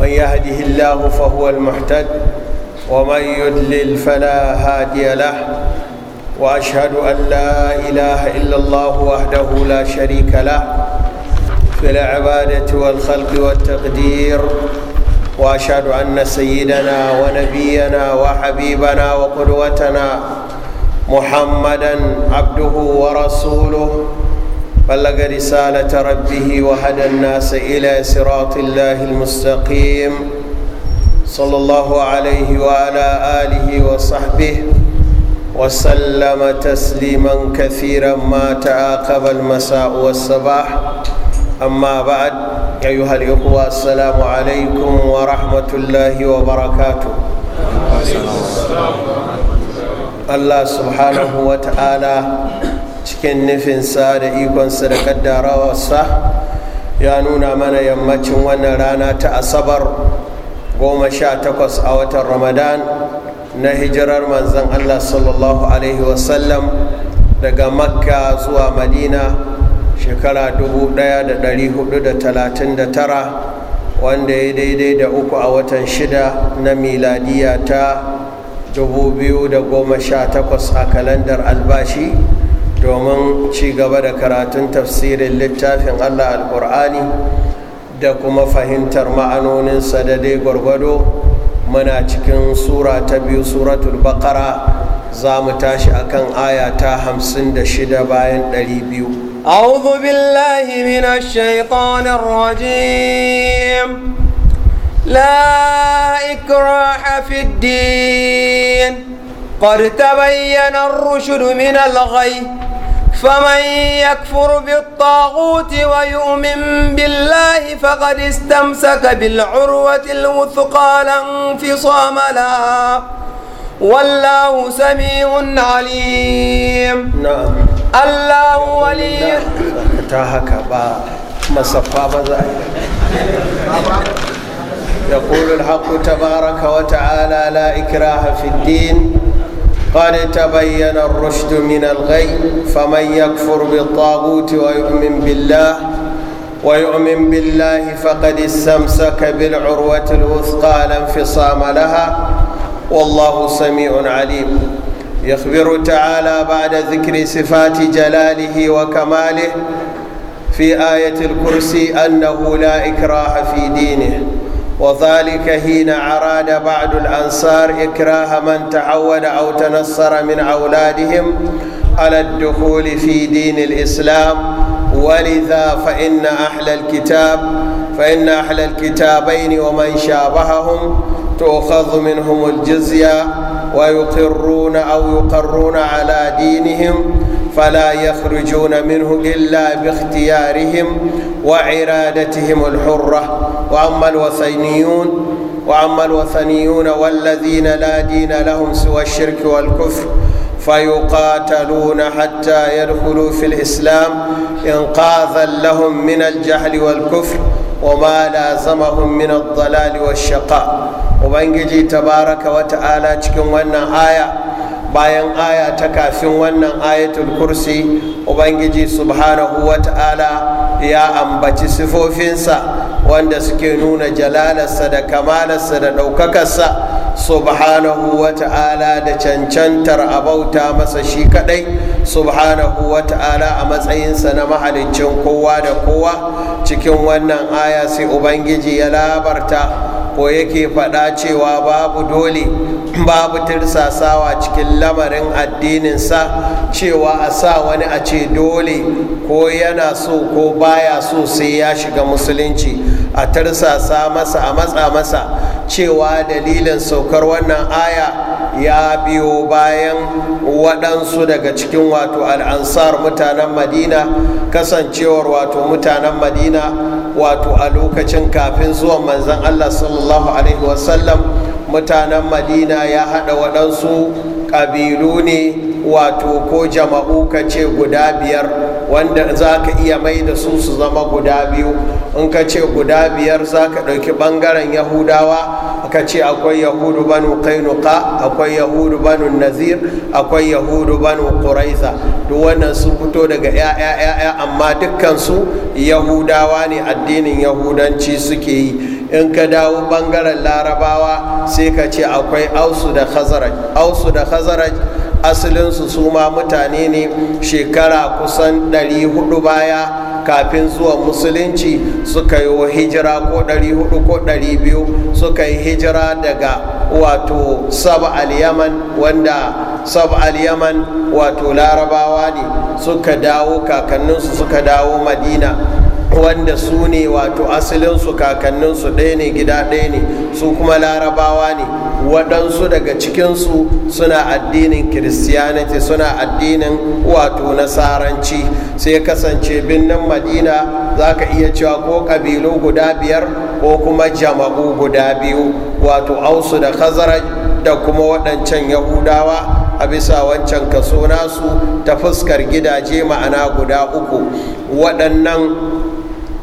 من يهده الله فهو المحتد ومن يدلل فلا هادي له واشهد ان لا اله الا الله وحده لا شريك له في العباده والخلق والتقدير واشهد ان سيدنا ونبينا وحبيبنا وقدوتنا محمدا عبده ورسوله بلغ رسالة ربه وهدى الناس إلى صراط الله المستقيم صلى الله عليه وعلى آله وصحبه وسلم تسليما كثيرا ما تعاقب المساء والصباح أما بعد أيها الإخوة السلام عليكم ورحمة الله وبركاته الله سبحانه وتعالى cikin nufinsa da ikonsa da kaddarawarsa ya nuna mana yammacin wannan rana ta asabar goma a watan ramadan na hijirar manzan allah sallallahu alaihi wasallam daga makka zuwa madina shekara 1439 wanda ya daidai da uku a watan shida na miladiya ta 2018 a kalandar albashi domin ci gaba da karatun tafsirin littafin allah alkur'ani da kuma fahimtar ma'anoninsa da dai gwargwado muna cikin sura ta biyu suratul bakara za mu tashi akan aya ta hamsin da shida bayan ɗari biyu أعوذ بالله من الشيطان الرجيم لا إكراه في الدين قد تبين الرشد من الغي فمن يكفر بالطاغوت ويؤمن بالله فقد استمسك بالعروة الوثقى لا انفصام لها والله سميع عليم نعم الله ولي تاهك با مصفى يقول الحق تبارك وتعالى لا إكراه في الدين قد تبين الرشد من الغي فمن يكفر بالطاغوت ويؤمن بالله ويؤمن بالله فقد استمسك بالعروة الوثقى لا انفصام لها والله سميع عليم يخبر تعالى بعد ذكر صفات جلاله وكماله في آية الكرسي أنه لا إكراه في دينه وذلك حين أراد بعض الأنصار إكراه من تعود أو تنصر من أولادهم على الدخول في دين الإسلام ولذا فإن أهل الكتاب فإن أهل الكتابين ومن شابههم تؤخذ منهم الجزية ويقرون أو يقرون على دينهم فلا يخرجون منه إلا باختيارهم وعرادتهم الحرة وأما الوثنيون وأما الوثنيون والذين لا دين لهم سوى الشرك والكفر فيقاتلون حتى يدخلوا في الإسلام إنقاذا لهم من الجهل والكفر وما لازمهم من الضلال والشقاء وبنجي تبارك وتعالى تكون ايه bayan aya ta kafin wannan ayatul kursi ubangiji subhanahu wa ta'ala ya ambaci sifofinsa wanda suke nuna jalalarsa da kamalarsa da ɗaukakarsa subhanahu wa ta'ala da cancantar abauta masa shi kadai subhanahu wa ta'ala a matsayinsa na mahaliccin kowa da kowa cikin wannan aya sai ubangiji ya labarta ko yake faɗa cewa babu dole babu tirsasawa cikin lamarin addininsa cewa a sa wani a ce dole ko yana so ko baya so sai ya shiga musulunci a tirsasa masa a matsa masa cewa dalilin saukar wannan aya ya biyo bayan waɗansu daga cikin wato al'ansar mutanen madina kasancewar wato mutanen madina wato a lokacin kafin zuwan manzan allah sallallahu alaihi wasallam mutanen madina ya haɗa waɗansu ƙabilu ne wato ko jama'u ka ce guda biyar wanda za ka iya mai da su su zama guda biyu in ka ce guda biyar za ka ɗauki ɓangaren yahudawa ka ce akwai yahudu banu kainuka akwai yahudu banu nazir akwai yahudu banu kuraiza duk wannan sun fito daga ya'ya ya'ya amma dukkansu yahudawa ne addinin yahudanci suke yi in ka dawo bangaren larabawa sai ka ce akwai ausu da khazaraj ausu da khazaraj asalinsu su ma mutane ne shekara kusan 400 baya kafin zuwa musulunci suka yi hijira ko 400 ko 200 suka yi hijira daga wato sab al-yaman wanda sab al-yaman wato larabawa ne suka dawo kakanninsu suka dawo madina wanda su ne wato asalinsu kakanninsu ɗaya ne gida ɗaya ne su kuma larabawa ne waɗansu daga cikinsu suna addinin kiristiyaniti suna addinin wato nasaranci sai kasance birnin madina za ka iya cewa ko kabilu guda biyar ko kuma jama'u guda biyu wato ausu da khazaraj da kuma waɗancan yahudawa a bisa wancan kaso nasu ta fuskar gidaje ma'ana guda uku waɗannan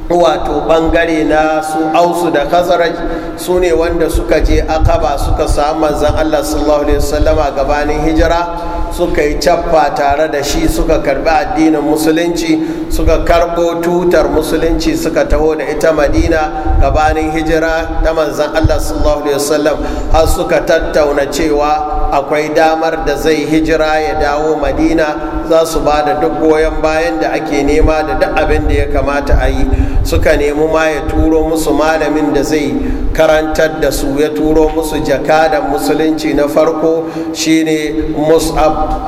wato bangare na su ausu da khazaraj su ne wanda suka je akaba suka samu manzan allah sallallahu alaihi wasallama gabanin hijira suka yi caffa tare da shi suka karbi addinin musulunci suka karbo tutar musulunci suka taho da ita madina gabanin hijira ta manzan allah sallallahu alaihi wasallam har suka tattauna cewa akwai damar da zai hijira ya dawo madina za su ba da duk goyon bayan da ake nema da duk abin da ya kamata a yi suka nemi ma ya turo musu malamin da zai karantar da su ya turo musu da musulunci na farko shine mus'ab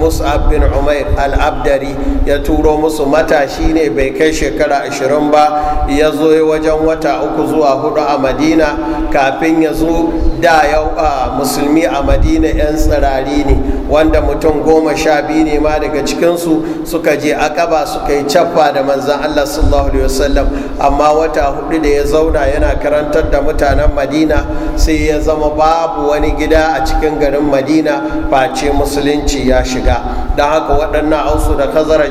mus'ab bin umair al-abdari ya turo musu matashi ne bai kai shekara 20 ba ya zo wajen wata uku zuwa hudu a madina kafin ya zo da yau musulmi a madina 'yan tsirari ne wanda mutum goma sha biyu ne ma daga cikinsu suka je akaba suka yi cappa da manzan allah sallallahu alaihi wasallam amma wata hudu da ya zauna yana karanta azabtar da mutanen madina sai ya zama babu wani gida a cikin garin madina face musulunci ya shiga don haka waɗannan ausu da kazara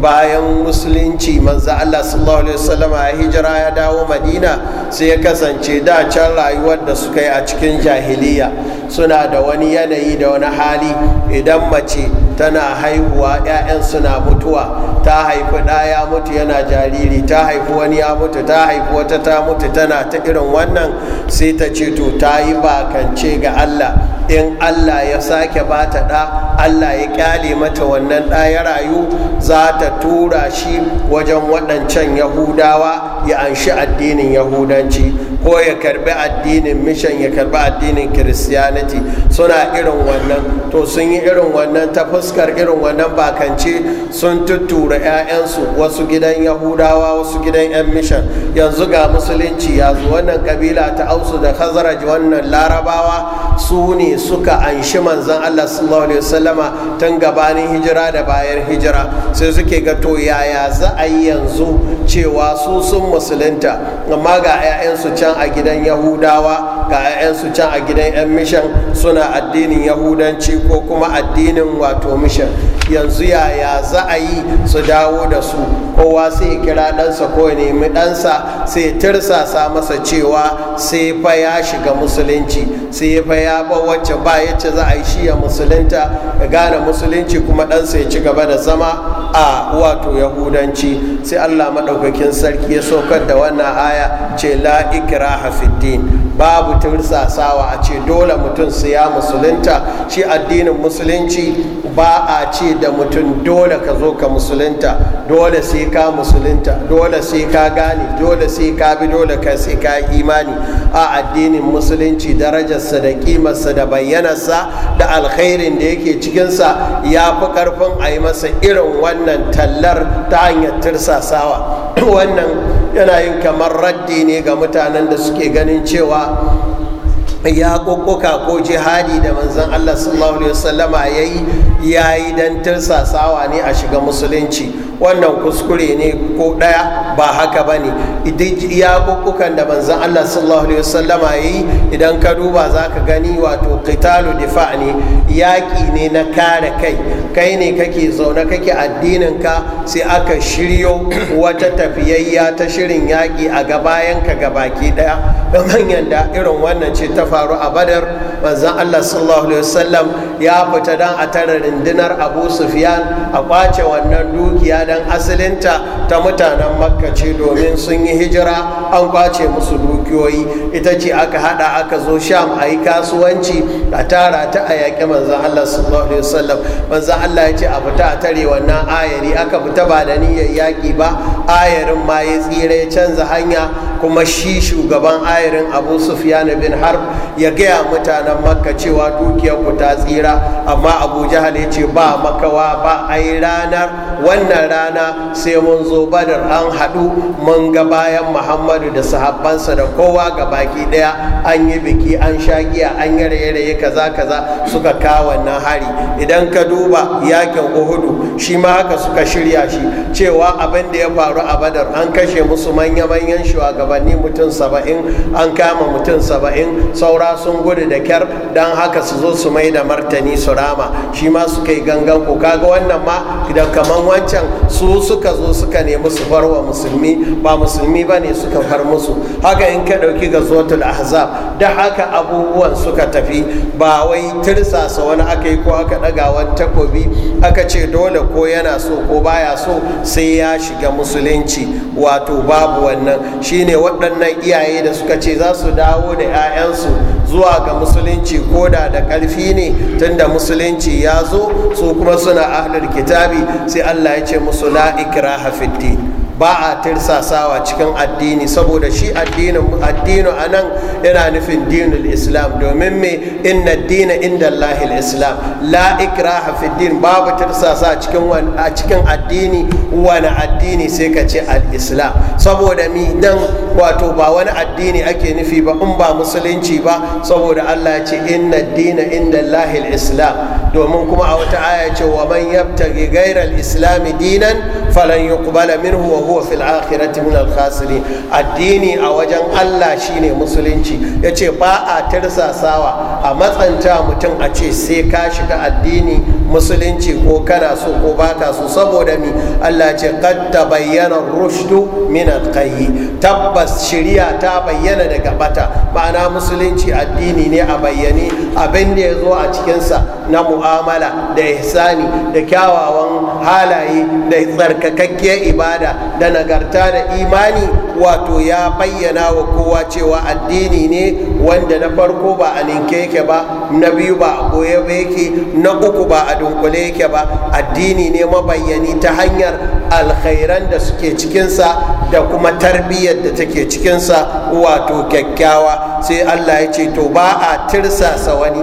bayan musulunci manzo Allah sallallahu alaihi wasallam a hijira ya dawo Madina sai ya kasance da can rayuwar da suka yi a cikin jahiliya suna da wani yanayi da wani hali idan mace tana haihuwa ƴaƴan suna mutuwa ta haifi ɗa ya mutu yana jariri ta haifi wani ya mutu ta haifi wata ta mutu tana ta irin wannan sai ta ce to ta yi bakance ga Allah in Allah ya sake bata ɗa Allah ya kyale mata wannan ɗa ya rayu za ta tura shi wajen waɗancan yahudawa ya anshi addinin yahudanci ko ya karbi addinin mishan ya karbi addinin christianity suna irin wannan to sun yi irin wannan ta fuskar irin wannan bakance sun tuttura 'ya'yansu wasu gidan yahudawa wasu gidan 'yan mishan yanzu ga musulunci ya zo wannan kabila ta ausu da khazaraj wannan larabawa su ne suka anshi manzan allah sallallahu alaihi wasallama tun gabanin hijira da bayan hijira sai suke ga to yaya za a yi yanzu cewa su sun musulunta amma ga 'ya'yansu can a gidan yahudawa ga 'ya'yansu can a gidan 'yan mishan suna addinin yahudanci ko kuma addinin wato mishan yanzu yaya za a yi su dawo da su kowa sai kira ɗansa ko ya nemi ɗansa sai tirsasa masa cewa sai fa ya shiga musulunci sai fa ya ba wacce ba yace za a yi shi ya musulunta ya gane musulunci kuma ɗansa ya ci gaba da zama a wato yahudanci sai allah maɗaukakin sarki ya saukar da wannan aya ce la ikira babu tursasawa a ce dole mutum su ya musulunta shi addinin musulunci ba a ce da mutum dole ka zo ka musulunta dole sai ka musulunta dole sai ka gane dole sai ka bi dole ka sai ka imani a addinin musulunci darajarsa da kimarsa da bayyanarsa da alkhairin da yake cikinsa ya fi karfin a yi masa irin wannan tallar ta hanyar tursasawa wannan yana yin kamar raddi ne ga mutanen da suke ganin cewa ya ko jihadi da manzan Allah sallallahu alaihi wasallama yayi yayi dan tirsasawa ne a shiga musulunci wannan kuskure ne ko ɗaya ba haka bane idan ya da manzan Allah sallallahu alaihi wasallama yayi idan ka duba zaka gani wato qitalu difa ne yaƙi ne na kare kai kai ne kake zaune kake addininka sai aka shiryo wata tafiyayya ta shirin yaƙi a ka gabayanka gabaki ɗaya hanyar da irin wannan ce ta faru a badar manzan allah sallallahu alaihi wasallam ya fita don a tara rundunar abu sufyan a kwace wannan dukiya don asalinta ta mutanen makka ce domin sun yi hijira an kwace musu dukiyoyi ita ce aka hada aka zo sham a yi kasuwanci a tara ta a yaƙi manzan allah sallallahu alaihi wasallam manzan allah ya ce a fita a tare wannan ayari aka fita ba da niyyar yaƙi ba ayarin ma ya tsira ya canza hanya kuma shi shugaban ayarin abu sufyan bin harb ya gaya mutanen makka cewa dukiyarku ta tsira amma abu jahal ya ce ba makawa ba ai ranar wannan rana sai mun zo badar an haɗu mun ga bayan muhammadu da sahabbansa da kowa ga baki ɗaya an yi biki an sha giya an yi raye-raye kaza kaza suka kawo wannan hari idan ka duba yakin uhudu shi ma haka suka shirya shi cewa abin da ya faru a badar an kashe musu manya-manyan shugaban shugabanni mutum saba'in an kama mutum saba'in saura sun gudu da kyar don haka su zo su mai da martani su rama shi ma su yi gangan ku kaga wannan ma da kaman wancan su suka zo suka nemi su bar musulmi ba musulmi ba ne suka far musu haka in ka ɗauki ga zotul ahzab da haka abubuwan suka tafi ba wai tirsasa wani aka yi ko aka ɗaga wani takobi aka ce dole ko yana so ko baya so sai ya shiga musulunci wato babu wannan shine waɗannan iyaye da suka ce za su dawo da 'ya'yansu zuwa ga musulunci ko da da ƙarfi ne tunda musulunci ya zo su kuma suna ahlul kitabi sai allah ya ce musu la ikraha ba a tirsasawa cikin addini saboda shi addinu a nan yana nufin dinul islam domin me inna dina inda Allahil islam la ikraha fi din babu tirsasa cikin a cikin addini wani addini sai ka ce al-islam saboda mi dan wato ba wani addini ake nufi ba in ba musulunci ba saboda Allah ya ce inna dina inda Allahil islam domin kuma a wata aya ce wa man yabtaghi ghayra dinan falan yuqbala minhu wa huwa fil akhirati min al addini a wajen Allah shine musulunci yace ba a tirsasawa a matsanta mutum a ce sai ka shiga addini musulunci ko kana so ko baka so saboda mi Allah ce ta bayyana rushdu min al tabbas shiriya ta bayyana daga bata ma'ana musulunci addini ne a bayyane abin da ya zo a cikinsa na mu mu'amala da ihsani da kyawawan halaye da tsarkakakkiyar ibada da nagarta da imani wato ya bayyana wa kowa cewa addini ne wanda na farko ba a ninke yake ba na biyu ba a goye ba yake na uku ba a dunkule yake ba addini ne mabayyani ta hanyar alkhairan da suke cikinsa da kuma tarbiyyar da take cikinsa wato kyakkyawa sai allah ya ce to ba a tirsasa wani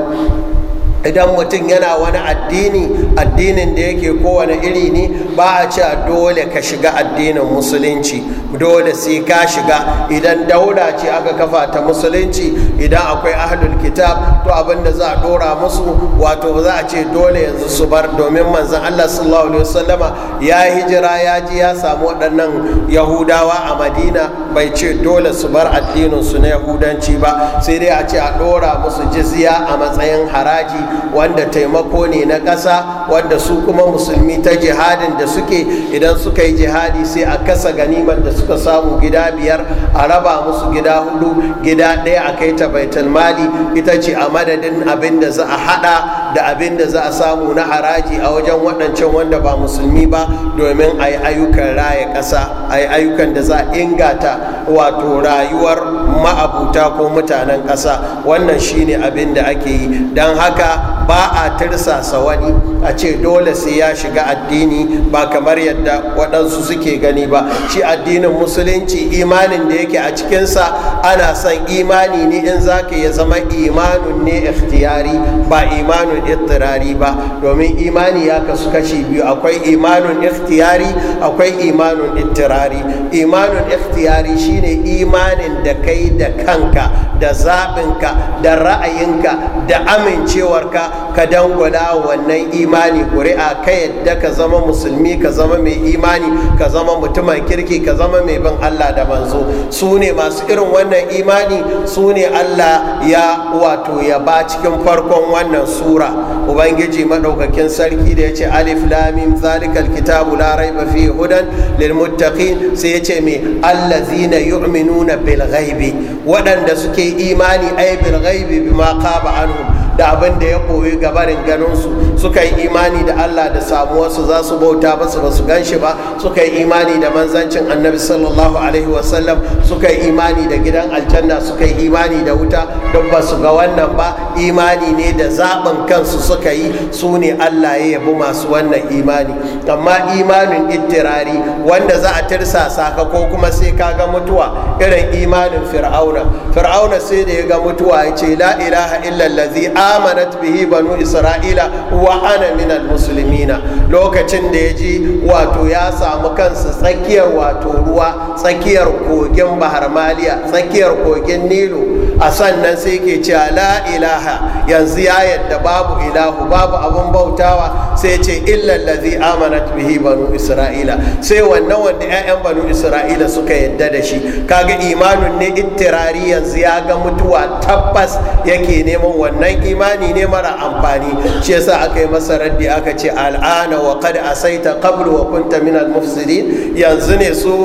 idan mutum yana wani addini addinin da yake kowane iri ne ba a ce dole ka shiga addinin musulunci dole sai ka shiga idan daula ce aka kafa ta musulunci idan akwai ahlul kitab to abin da za a dora musu wato za a ce dole yanzu su bar domin manzan Allah sallallahu alaihi wasallama ya hijira ya ji ya samu waɗannan yahudawa a madina bai ce dole su bar addinin su na yahudanci ba sai dai a ce a dora musu jiziya a matsayin haraji wanda taimako ne na ƙasa wanda su kuma musulmi ta jihadin da suke idan suka yi jihadi sai a kasa ganimar da suka samu gida biyar a raba musu gida hudu gida ɗaya a kai ta baitul mali ita ce a madadin abin da za a hada da abin da za a samu na haraji a wajen waɗancan wanda ba musulmi ba domin a yi ayyukan raya ƙasa a yi ayyukan da za a ingata wato rayuwar ma'abuta ko mutanen ƙasa wannan shine abin da ake yi don haka ba a tirsasa wani a ce dole sai ya shiga addini ba kamar yadda waɗansu suke gani ba shi addinin musulunci imanin da yake a cikinsa ana son imani ne in za ka ya zama imanun ne ikhtiyari ba imanun ittirari ba domin imani ya kasu kashi biyu akwai imanun ikhtiyari akwai imanun ittirari imanun ikhtiyari shine imanin da kai da kanka da zaɓinka da ra'ayinka da amincewarka ka dangwala wannan imani ƙuri'a ka yadda ka zama musulmi ka zama mai imani ka zama mutumin kirki ka zama mai bin allah da manzo su ne masu irin wannan imani su ne allah ya wato ya ba cikin farkon wannan sura ubangiji maɗaukakin sarki da ya ce alif lamim zalikal kitabu la raiba fi hudan lil muttaqin sai ya ce me allazina yu'minuna bil ghaibi ne waɗanda suke imani aibin bil ghaibi ma qaba anhum da abin da ya koyi gabarin ganinsu suka yi imani da Allah da samuwarsu za su bauta basu ba su gan shi ba suka yi imani da manzancin annabi sallallahu alaihi wasallam suka yi imani da gidan aljanna suka yi imani da wuta duk ba su ga wannan ba imani ne da zaɓin kansu suka yi su ne allah ya yabi masu wannan imani amma imanin ittirari wanda za a tirsasa ka ko kuma sai ka ga mutuwa irin imanin fir'auna fir'auna sai da ya ga mutuwa ya ce la ilaha illallazi amanat bihi banu isra'ila wa ana minal muslimina lokacin da ya ji wato ya samu kansa tsakiyar wato ruwa tsakiyar kogin bahar maliya tsakiyar kogin Nilo a sannan sai ke cewa la ilaha ilaha yanzu ya yadda babu ilahu babu abun bautawa sai ce illallazi amanat bihi banu isra'ila sai wannan wanda 'ya'yan banu isra'ila suka yadda da shi kaga imanun ne ittirari yanzu ya ga mutuwa tabbas yake neman wannan imani ne mara amfani shi yasa aka yi masa raddi aka ce al'ana wa qad asaita qablu wa kunta min al-mufsidin yanzu ne su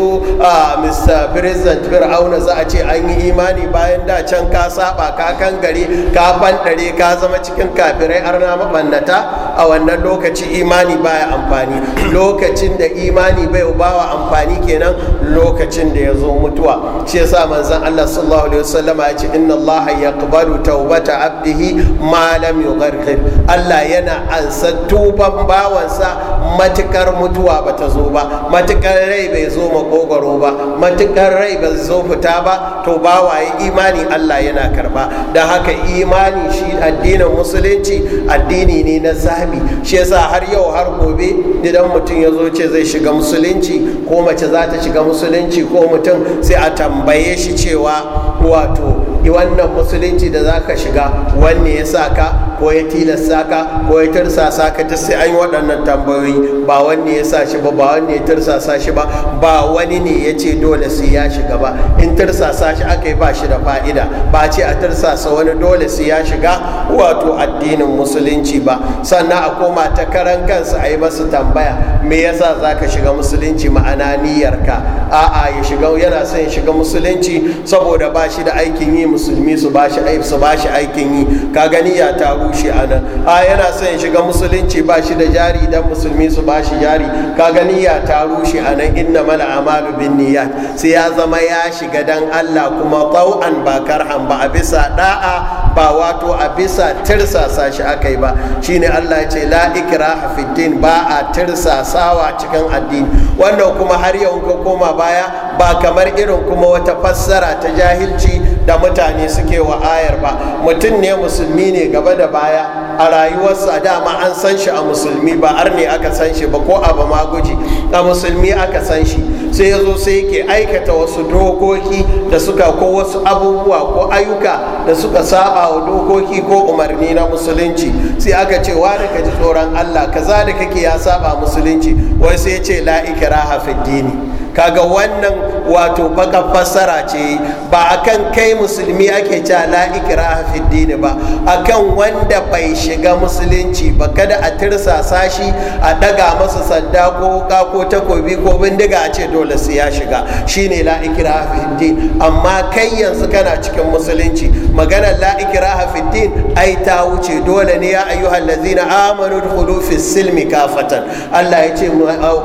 Mr. President Fir'auna za a ce an yi imani bayan da can ka saba ka kan gari ka an ɗari ka zama cikin kafirai arna mabannata a wannan lokaci imani baya amfani lokacin da imani bai bawa amfani kenan lokacin da ya zo mutuwa shi yasa manzon Allah sallallahu alaihi wasallam ya ce inna Allah yaqbalu tawbata abdihi ma lam yugharqib Allah yana ansa tuban bawansa matukar mutuwa bata zo ba matukar rai bai zo ma makogaro ba matukar rai bai zo fita ba to bawaye imani Allah yana karba da haka imani imani shi addinin musulunci addini ne na zabi shi yasa har yau har gobe idan mutum ya zo ce zai shiga musulunci ko mace za ta shiga musulunci ko mutum sai a tambaye shi cewa wato wannan musulunci da za ka shiga wanne ya sa ka ko ya tilasta ka ko ya tirsasa ka ta sai an waɗannan tambayoyi ba wanne ya sa shi ba ba wanne ya tirsasa shi ba ba wani ne ya ce dole sai ya shiga ba in tirsasa shi aka yi ba shi da fa'ida ba ce a tirsasa wani dole sai ya shiga wato addinin musulunci ba sannan a koma ta karan kansu a yi masa tambaya me yasa za ka shiga musulunci ma'ana niyyarka a'a ya shiga yana son ya shiga musulunci saboda ba shi da aikin yi musulmi su bashi aib su bashi aikin yi ka gani ya ta rushe a nan a yana son ya shiga musulunci ba shi da jari dan musulmi su bashi jari ka gani ya ta rushe a nan inna mala amalu bin niyyat sai ya zama ya shiga dan Allah kuma tau'an ba karhan ba a bisa da'a ba wato a bisa tirsasa shi akai ba shine Allah ya ce la ikraha fid din ba a tirsasawa cikin addini wannan kuma har yau ka koma baya ba kamar irin kuma wata fassara ta jahilci da mutane suke wa ayar ba mutum ne musulmi ne gaba da baya a rayuwarsa dama an san shi a musulmi ba arne aka san shi ba ko abu maguji a musulmi aka san shi sai ya zo sai yake aikata wasu dokoki da suka ko wasu abubuwa ko ayyuka da suka saba wa dokoki ko umarni na musulunci sai aka ce wa da ka ji tsoron allah kaza da kake ya saba musulunci wai sai ya ce la'ikira hafi dini kaga wannan wato baka fassara ce ba akan kai musulmi ake cewa la ikraha fi dini ba akan wanda bai shiga musulunci ba kada a tirsasa shi a daga masa sanda ko ka ko takobi ko bindiga a ce dole sai ya shiga shine la ikraha fi din amma kai yanzu kana cikin musulunci magana la ikraha fi din ai ta wuce dole ne ya ayyuhal ladzina amanu dukhulu fi silmi kafatan Allah ya ce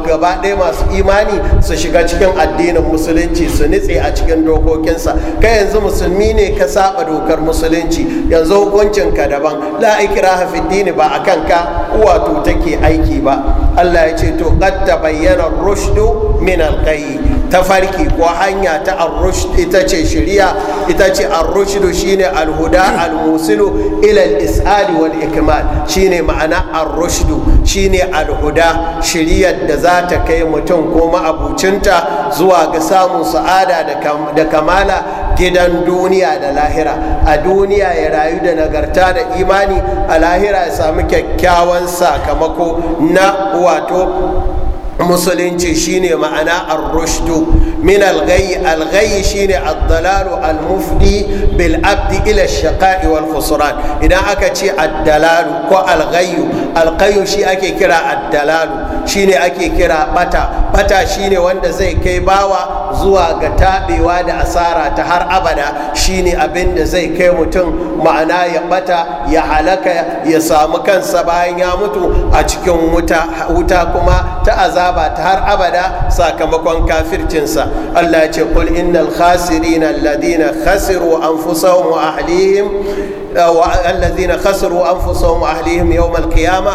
gaba ɗaya masu imani su shiga shiga cikin addinin musulunci su nitse a cikin dokokinsa kai yanzu musulmi ne ka saba dokar musulunci yanzu hukuncin ka daban la ikira hafiddini ba a kanka wato take aiki ba Allah ya ce to qad tabayyana rushdu min al ta farki ko hanya ta arrush ita ce shari'a ita ce shi shine alhuda almusilu ila al-is'ali wal ikmal shine ma'ana shi shine alhuda shari'ar da za ta kai mutum ko ma'abucinta zuwa ga samun sa'ada da kamala gidan duniya da lahira a duniya ya rayu da nagarta da imani a lahira ya sami kyakkyawan sakamako na wato musulunci shine ma'ana ar-rushdu min al-ghayy al-ghayy shine ad-dalalu al-mufdi bil abdi ila ash-shaqa'i wal khusran idan aka ce ad-dalalu ko al-ghayy al-ghayy shi ake kira ad-dalalu shine ake kira bata bata shine wanda zai kai bawa zuwa ga tabewa da asara ta har abada shine abin da zai kai mutum ma'ana ya bata ya halaka ya samu kansa bayan ya mutu a cikin wuta kuma ta azaba ta har abada sakamakon kafircinsa Allah ya ce kul innal khasirina alladina khasiru anfusahum wa ahlihim الذين خسروا أنفسهم وأهليهم يوم القيامة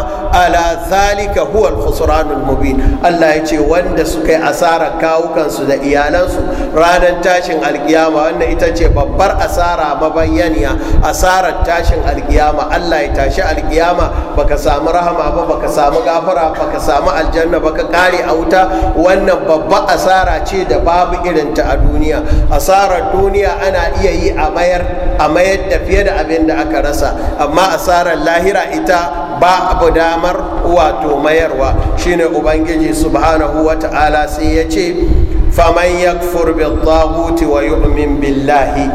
ألا ذلك هو الخسران المبين الله يجي وند سكي أسارة كاو كان سودا إيالان سو رانا تاشن القيامة وأن إتجي ببر أسارة مبينيا أسارة تاشن القيامة الله يتاشى القيامة بك سام رحمة بك سام غافرة بك سام الجنة بك كاري أوتا وأن ببا أسارة تشي باب إلنت الدنيا أسارة الدنيا أنا إيه أمير أمير تفيد أبين da aka rasa amma asarar lahira ita ba abu damar wato mayarwa shine ubangiji subhanahu wa ta'ala sai ya ce faman yakfur bil taghuti wa yu'min billahi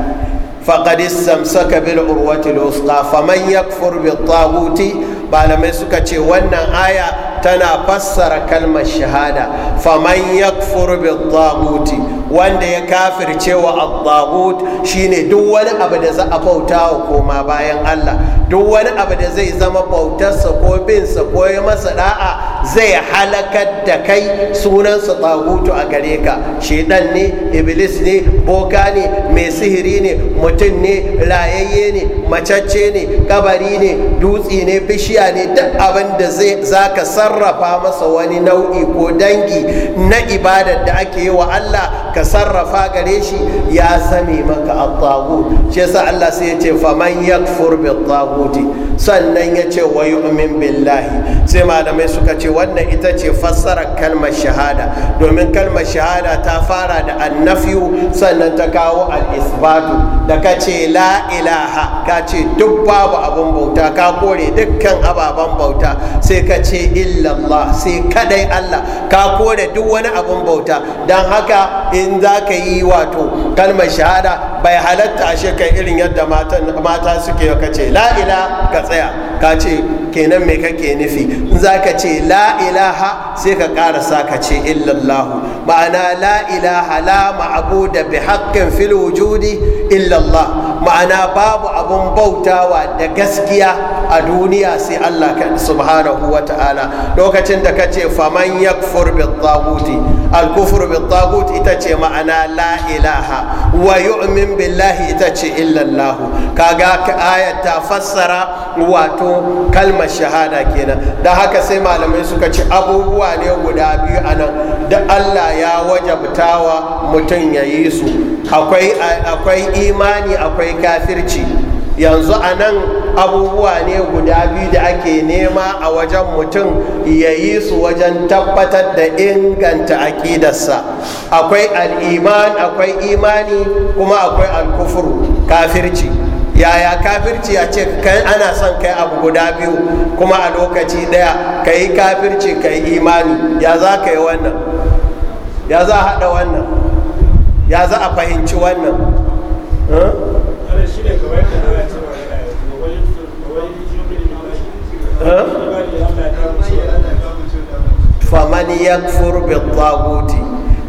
faqad istamsaka bil urwati al faman yakfur bil taghuti malamai suka ce wannan aya tana fassara kalmar shahada faman yakfur bil taghuti wanda ya kafircewa al-taghut shine duk wani abu da za a bauta wa koma bayan Allah duk wani abu da zai zama bautarsa ko binsa ko ya masa da'a zai halakar da kai sunansa taghutu a gare ka shedan ne iblis ne boka ne mai sihiri ne mutum ne rayayye ne macacce ne kabari ne dutse ne bishiya ne duk abin da za ka sarrafa masa wani nau'i ko dangi na ibadar da ake yi wa Allah ka sarrafa gare shi ya zame maka at-taghut shi yasa Allah sai ya ce faman yakfur bit-taghut sannan ya ce wa yu'min billahi sai malamai suka ce wannan ita ce fassarar kalmar shahada domin kalmar shahada ta fara da annafiyu sannan ta kawo al-isbatu da ka ce la ilaha ka ce duk babu abin bauta ka kore dukkan ababen bauta sai ka ce illallah sai kadai Allah ka kore duk wani abin bauta don haka in in za ka yi wato kalmar shahada bai halatta a shekai irin yadda mata suke ka ce la'ila ka tsaya ka ce kenan me kake nufi in za ka ce la'ilaha sai ka karasa ka ce illallahu ma'ana la'ilaha la ma'abu da bi haƙƙin fil wujudi illallah ma'ana babu abun bautawa da gaskiya a duniya sai Allah subhanahu wa ta'ala lokacin da ka ce faman yakfur bi Alkufur kufru itace ita ce ma'ana la ilaha wa yu'min billahi ita ce illallahu kaga ayat ta fassara wato kalmar shahada kenan da haka sai malamai suka ci abubuwa ne guda biyu anan da Allah ya wajabtawa mutum ya yi su akwai imani akwai kafirci yanzu anan abubuwa ne guda biyu da ake nema a wajen mutum ya yi su wajen tabbatar da inganta aƙidarsa akwai al'iman akwai imani kuma akwai alkufuru kafirci yaya kafirci a ce ana son kai abu guda biyu kuma a lokaci ɗaya ka yi kafirci ka yi imani ya za ka yi wannan ya za a haɗa wannan ya za a fahimci wannan faman ya furbe tsaguti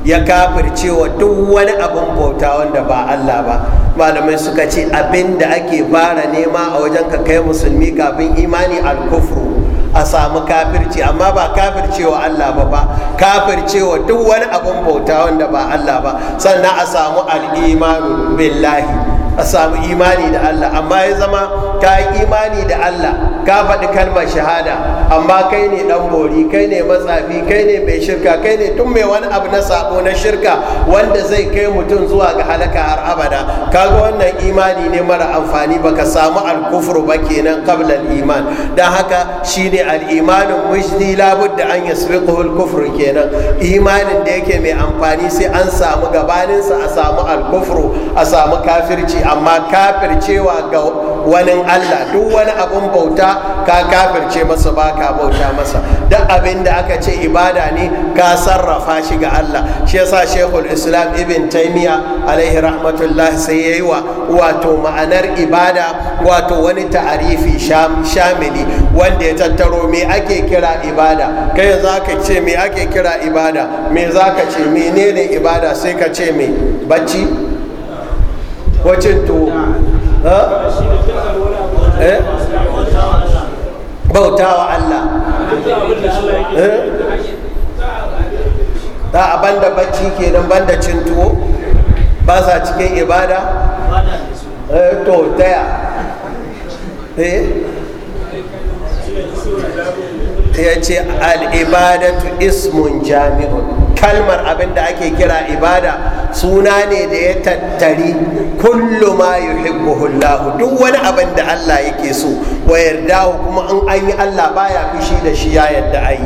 ya kafircewa duk wani abin bauta wanda ba Allah ba malamai suka ce abinda ake fara nema a wajen ka kai musulmi kafin imani alkufru a samu kafirci amma ba kafircewa Allah ba ba kafircewa duk wani abin bauta wanda ba Allah ba sannan a samu al'imanu billahi a samu imani da Allah amma ya zama ka yi imani da Allah ka faɗi kalmar shahada amma kai ne ɗan bori kai ne matsafi kai ne mai shirka kai ne tun mai wani abu na sabo na shirka wanda zai kai mutum zuwa ga halaka har abada kaga wannan imani ne mara amfani baka samu alkufur ba kenan qabla iman dan haka shine al-imanu mujdi da an yasbiquhu al kenan imanin da yake mai amfani sai an samu gabaninsa a samu alkufru a samu kafirci amma kafircewa ga wani Allah duk wani abun bauta ka kafirce masa ba ka bauta masa duk abin da aka ce ibada ne ka sarrafa shi ga Allah shi yasa Sheikhul Islam Ibn Taymiyyah alaihi rahmatullah sai yi wa wato ma'anar ibada wato wani ta'arifi shamili wanda ya tattaro me ake kira ibada kai za ka ce me ake kira ibada me za ka ce menene ibada sai ka ce me bacci wace to eh? bautawa Allah eh? Da a banda bacci kenan banda cin tuwo ba sa cikin ibada eh, to Eh ya ce al ibadatu ismun jami'un kalmar abin da ake kira ibada suna ne da ya tattari kullu ma yuhibbuhu duk wani abin da Allah yake so wa yarda kuma in an yi Allah baya fushi da shi ya yarda ayi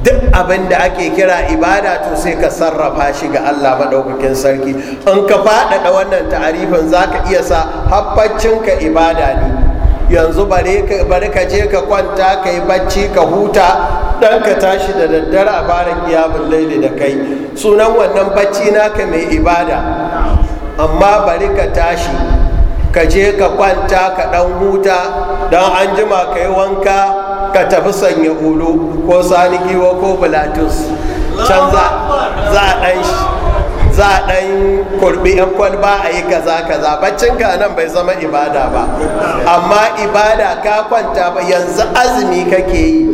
duk abin da ake kira ibada to sai ka sarrafa shi ga Allah maɗaukakin sarki in ka faɗaɗa wannan ta'arifin za ka iya sa haffaccinka ibada ne yanzu bari ka je ka kwanta ka yi bacci ka huta dan ka tashi da daddare a barin kiyamun laili da kai sunan wannan bacci naka mai ibada amma bari ka tashi ka je ka kwanta ka dan huta dan an jima ka yi wanka ka tafi sanya ulu ko sani giwa ko bulatus canza za a dan shi za a ɗan kurbi 'yan kwalba a yi kaza kaza baccin ka nan bai zama ibada ba amma ibada ka kwanta ba yanzu azumi kake yi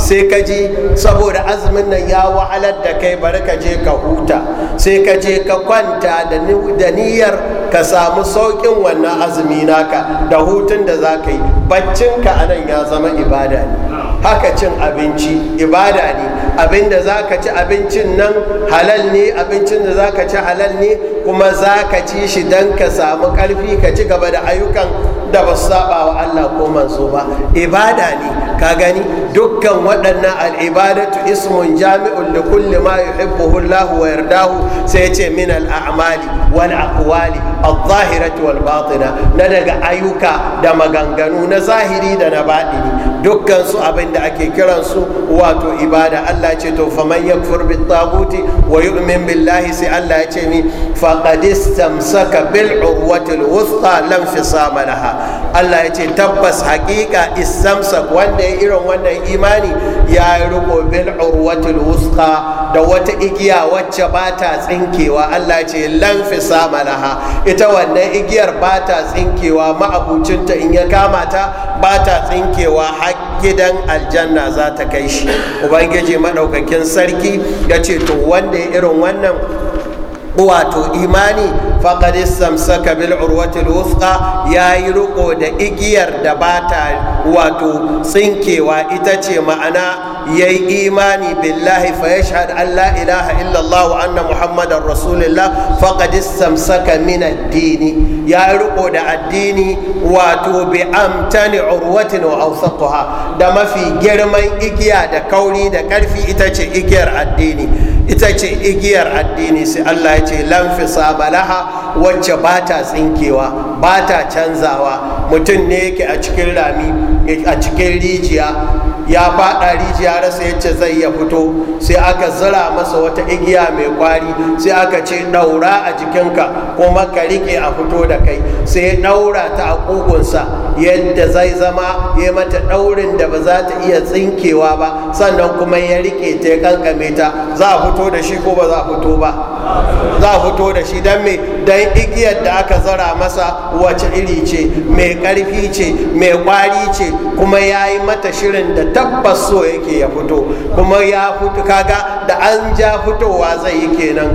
sai ka ji saboda azumin nan ya wahalar da kai bari ka je ka huta sai ka je ka kwanta da niyyar ka samu sauƙin wannan azumi naka da hutun da za ka yi baccin ka nan ya zama ibada ne haka cin abinci ibada ne abinda za ka ci abincin nan halal ne abincin da za ka ci halal ne kuma za ka ci shi don ka samu ƙarfi ka ci gaba da ayyukan da ba su saba wa Allah ko manzo ba ibada ne ka gani dukkan waɗannan al'ibadatu ismun jami'un da kulli ma yuhibbuhu Allah wa yardahu sai ce min al'amali wal aqwali adh-dhahirati wal batina na daga ayyuka da maganganu na zahiri da na baɗi dukkan su abinda ake kiran su wato ibada Allah ce to faman yakfur bit taguti wa yu'min billahi sai Allah ya ce mi fa faqad istamsaka bil urwatil wuthqa lam fisama laha Allah yace tabbas haƙiƙa istamsak wanda ya irin wannan imani ya riko bil urwatil wuthqa da wata igiya wacce ba ta tsinkewa Allah yace lam fisama laha ita wannan igiyar ba ta tsinkewa ma'abucinta in ya kama ta ba ta tsinkewa gidan aljanna za ta kai shi ubangiji maɗaukakin sarki ya ce to wanda ya irin wannan wato imani faqad istamsaka bil urwatil wuthqa yayi riko da igiyar da bata wato tsinkewa ita ce ma'ana yayi imani billahi fa yashhad an la ilaha allah wa anna muhammadar rasulullah faqad istamsaka min ad din yayi riko da addini wato bi amtani urwati wa awsaqaha da mafi girman igiya da kauri da karfi ita ce igiyar addini ita ce igiyar addini sai Allah ya ce lamfi sabalaha wacce ba ta tsinkewa ba ta canzawa mutum ne yake a cikin rami a cikin rijiya ya faɗa rijiya rasa yace zai ya fito sai aka zira masa wata igiya mai kwari sai aka ce ɗaura a jikinka kuma ka rike a fito da kai sai ya daura ta a ƙugunsa yadda zai zama ya mata ɗaurin da ba za ta iya tsinkewa ba sannan kuma ya rike ta ya kankame ta za a fito da shi ko ba za a fito ba za a fito da shi don me don igiyar da aka zara masa wace iri ce mai ƙarfi ce mai kwari ce kuma ya yi mata shirin da ta tabbas so yake ya fito kuma ya fito kaga da an ja fitowa zai yi kenan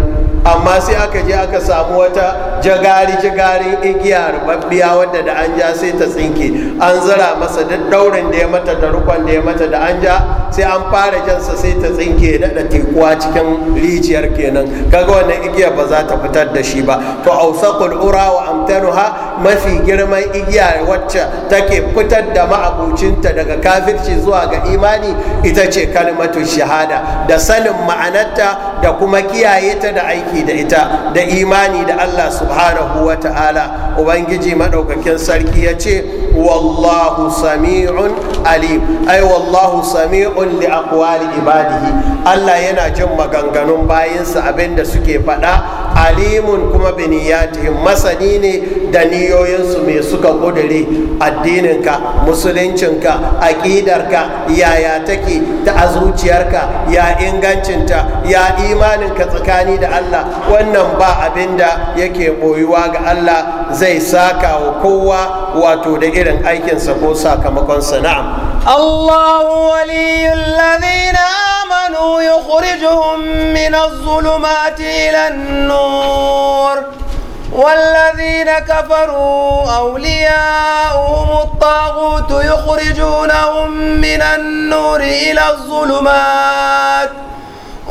amma sai aka je aka samu wata jagari-jagarin igiya rubabbiya wadda da an ja sai ta tsinke an zira masa duk daurin da ya mata da rukon da ya mata da an ja sai an fara jansa sai ta tsinke da tekuwa cikin rijiyar kenan kaga wannan igiya ba za ta fitar da shi ba to ausakul ura wa amtanuha mafi girman igiya wacce take fitar da ma'abucinta daga kafirci zuwa ga imani ita ce kalmatu shahada da sanin ma'anarta da kuma kiyaye ta da aiki da ita da imani da Allah subhanahu wa ta'ala ubangiji madaukakin sarki ya ce wallahu sami'un alim ai wallahu sami'un li aqwali ibadihi Allah yana jin maganganun bayinsa abinda suke faɗa alimun kuma biniyatihim masani ne da ni niyoyinsu mai suka kudure addininka musuluncinka aƙidarka yaya take ta a zuciyarka ya ingancinta ya imaninka tsakani da allah wannan ba abin da yake boyuwa ga allah zai saka wa kowa wato da irin aikinsa ko sakamakon sana'am الله ولي الذين آمنوا يخرجهم من الظلمات إلى النور والذين كفروا أولياؤهم الطاغوت يخرجونهم من النور إلى الظلمات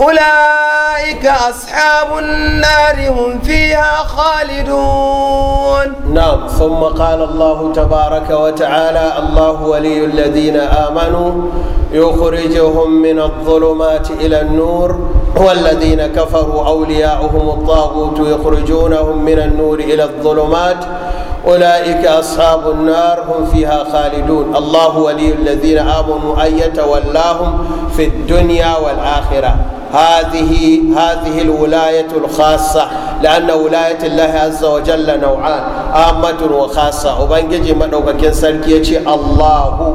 أولئك أصحاب النار هم فيها خالدون نعم ثم قال الله تبارك وتعالى الله ولي الذين آمنوا يخرجهم من الظلمات إلى النور والذين كفروا أولياؤهم الطاغوت يخرجونهم من النور إلى الظلمات أولئك أصحاب النار هم فيها خالدون الله ولي الذين آمنوا أن يتولاهم في الدنيا والآخرة هذه هذه الولاية الخاصة لأن ولاية الله عز وجل نوعان عامة وخاصة وبنجي من أوكاكين سلكي الله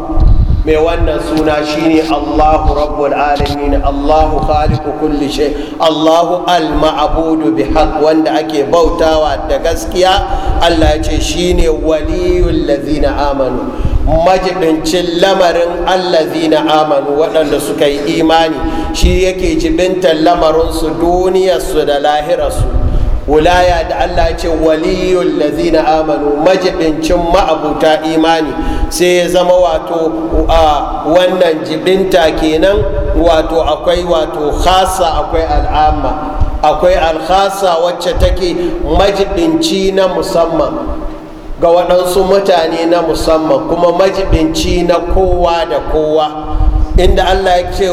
mai wannan suna shine Allahu rabbul alamin Allahu khaliqu kulli shay Allahu al-ma'budu bi wanda ake bautawa da gaskiya Allah ya ce shine waliyul ladzina amanu majibincin lamarin allazina amanu waɗanda suka yi imani shi yake jibintar lamarinsu duniyarsu da lahirarsu wulaya da Allah ya ce waliyul lazina amanu majibincin ma'abuta imani sai ya zama wato a wannan jibinta kenan wato akwai wato khasa akwai al'amma akwai alkhasa wacce take majibinci na musamman ga waɗansu mutane na musamman kuma majibinci na kowa da kowa inda Allah ya ce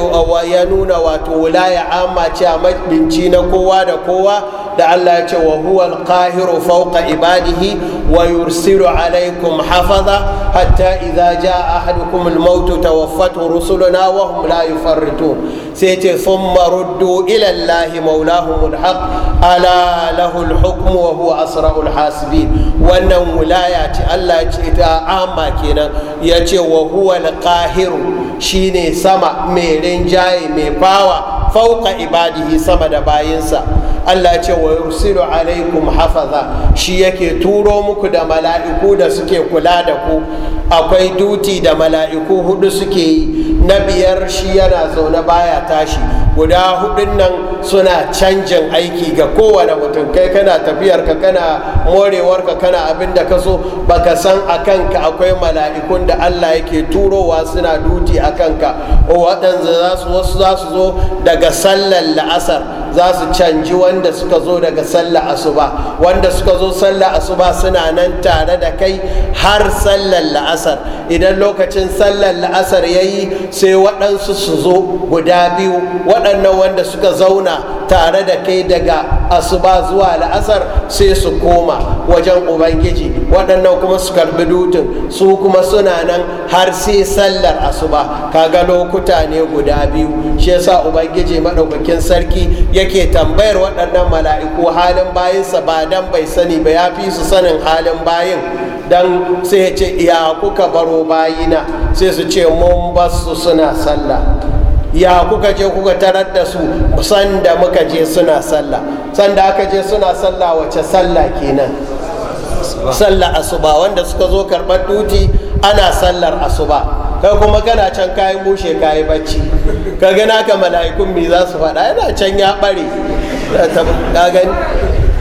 ya nuna wato wulaya amma ce a majibinci na kowa da kowa da Allah ya ce wa huwal qahiru fawqa ibadihi wa yursilu alaykum hafaza hatta idza jaa ahadukum al-maut tawaffatu rusuluna wa hum la yufarritun sai ce thumma ruddu ila Allah maulahum al-haq ala lahu al-hukm wa huwa asra'ul hasibin wannan wilaya ce Allah ya ce ta amma kenan ya ce wa huwal qahiru shine sama mai rinjaye mai fawa fauka ibadihi sama da bayinsa Allah ya ce wa yursilu alaikum hafaza shi yake turo muku da mala'iku da suke kula da ku akwai duti da mala'iku hudu suke yi na biyar shi yana zaune baya tashi guda hudun nan suna canjin aiki ga kowane mutum kai kana tafiyar ka kana morewar ka kana abin da ka so baka san a kanka akwai mala'ikun da allah yake turowa suna duti a kanka waɗanda za su zo daga sallar la'asar za su canji wanda suka zo daga sallah asuba wanda suka zo sallah asuba suna nan tare da kai har sallar la'asar idan lokacin sallar la'asar ya yi sai waɗansu su zo guda biyu waɗannan wanda suka zauna tare da kai daga asuba zuwa la'asar sai su koma wajen ubangiji waɗannan kuma su karbi dutin su kuma suna nan har sai sallar asuba kaga lokuta ne guda biyu shi yasa ubangiji maɗaukakin sarki ya yake tambayar waɗannan mala'iku halin bayinsa ba dan bai sani ba ya fi su sanin halin bayin dan sai ya ce ya kuka baro bayina sai su ce mun basu suna sallah ya kuka je kuka tarar da su sanda muka je suna sallah sanda aka je suna sallah wace sallah kenan sallar asuba wanda suka zo karɓar tuti ana sallar asuba kai kuma kana can kayan bushe kayi bacci ka gana ka mala'ikun me za su faɗa yana can ya ɓare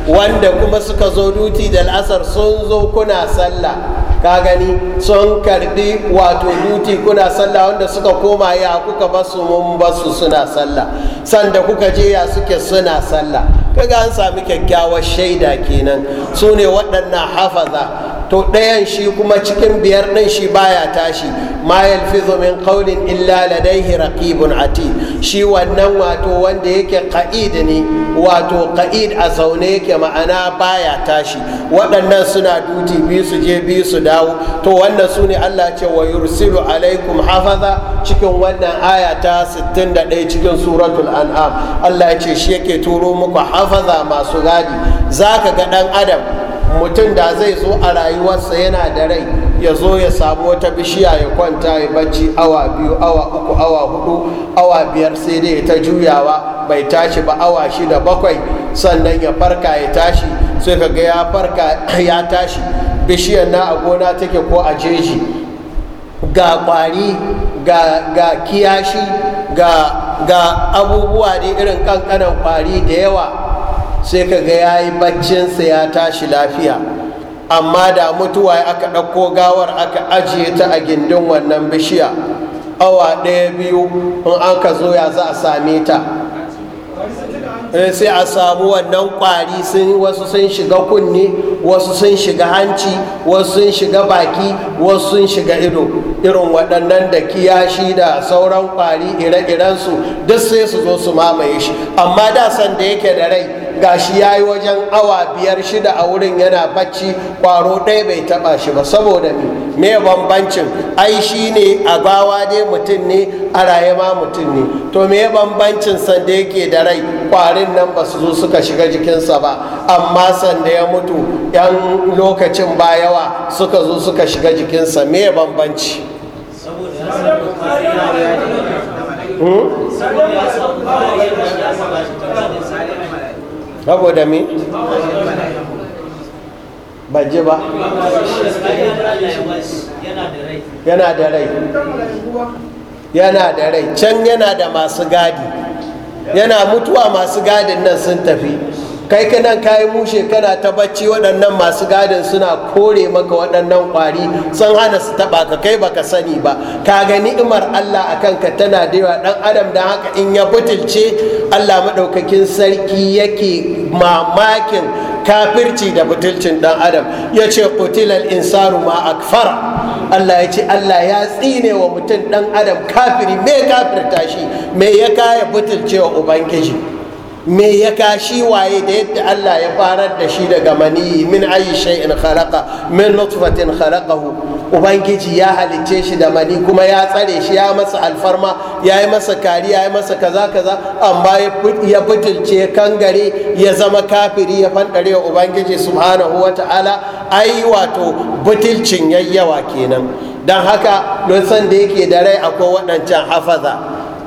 wanda kuma suka zo duti da al'asar sun zo kuna sallah ka gani sun karbi wato duti kuna salla wanda suka koma ya kuka basu mun basu suna sallah sanda kuka je ya suke suna sallah kaga an sami kyakkyawar shaida kenan su ne waɗannan hafaza to ɗayan shi kuma cikin biyar ɗin shi baya tashi ma yalfizu min qawlin illa ladaihi raqibun ati shi wannan wato wanda yake qa'id ne wato qa'id a zaune yake ma'ana baya tashi waɗannan suna duti bi su je biyu su dawo to wannan su ne Allah ce wa yursilu alaikum hafaza cikin wannan aya ta 61 cikin suratul an'am Allah ya ce shi yake turo muku hafaza masu gadi zaka ga dan adam mutum da zai zo a rayuwarsa yana da rai ya zo ya samu wata bishiya ya kwanta ya bacci awa biyu awa uku awa hudu awa biyar sai dai ta juyawa bai tashi ba awa shida bakwai sannan ya farka ya tashi sai kaga ya farka ya tashi bishiyar na a gona take ko a jeji ga kwari ga, kiyashi ga, abubuwa ne irin kankanan kwari da yawa sai ka ga ya yi baccinsa ya tashi lafiya amma da mutuwa aka ɗauko gawar aka ajiye ta a gindin wannan bishiya awa ɗaya biyu in aka zo ya za a same ta eh, sai a samu wannan kwari sun wasu sun shiga kunne wasu sun shiga hanci wasu sun shiga baki wasu sun shiga ido irin waɗannan da kiyashi da sauran kwari ire-irensu duk sai su zo su mamaye shi amma da sanda yake da rai gashi ya yi wajen awa biyar shida a wurin yana bacci kwaro ɗaya bai taɓa shi ba saboda me bambancin ai shi ne a bawa dai mutum ne a rayuwa mutum ne to me bambancin sanda yake da rai kwarin nan ba su zo suka shiga jikinsa ba amma sanda ya mutu yan lokacin ba yawa suka zo suka shiga jikinsa me bambanci hmm? saboda me ban ji ba yana da rai yana da rai can yana da masu gadi yana mutuwa masu gadin nan sun tafi kai kanan kayi mushe kana ta bacci waɗannan masu gadin suna kore maka waɗannan ƙwari sun hana su taɓa ka kai baka sani ba ka ga ni'imar Allah a kanka tana da yawa ɗan adam da haka in ya butulce Allah maɗaukakin sarki yake mamakin kafirci da butulcin ɗan adam ya ce kutilal insaru ma akfara Allah ya ce Allah ya tsine wa mutum ɗan adam kafiri me kafirta shi me ya kaya butulce wa ubangiji me ya kashi waye da yadda Allah ya farar da shi daga mani min ayi shay'in khalaqa min nutfatin khalaqahu ubangiji ya halicce shi da mani kuma ya tsare shi ya masa alfarma ya yi masa kariya ya masa kaza kaza amma ya butulce kangare ya zama kafiri ya fandare wa ubangiji subhanahu wata'ala ai wato butulcin yayyawa kenan dan haka don san da yake da rai akwai waɗancan hafaza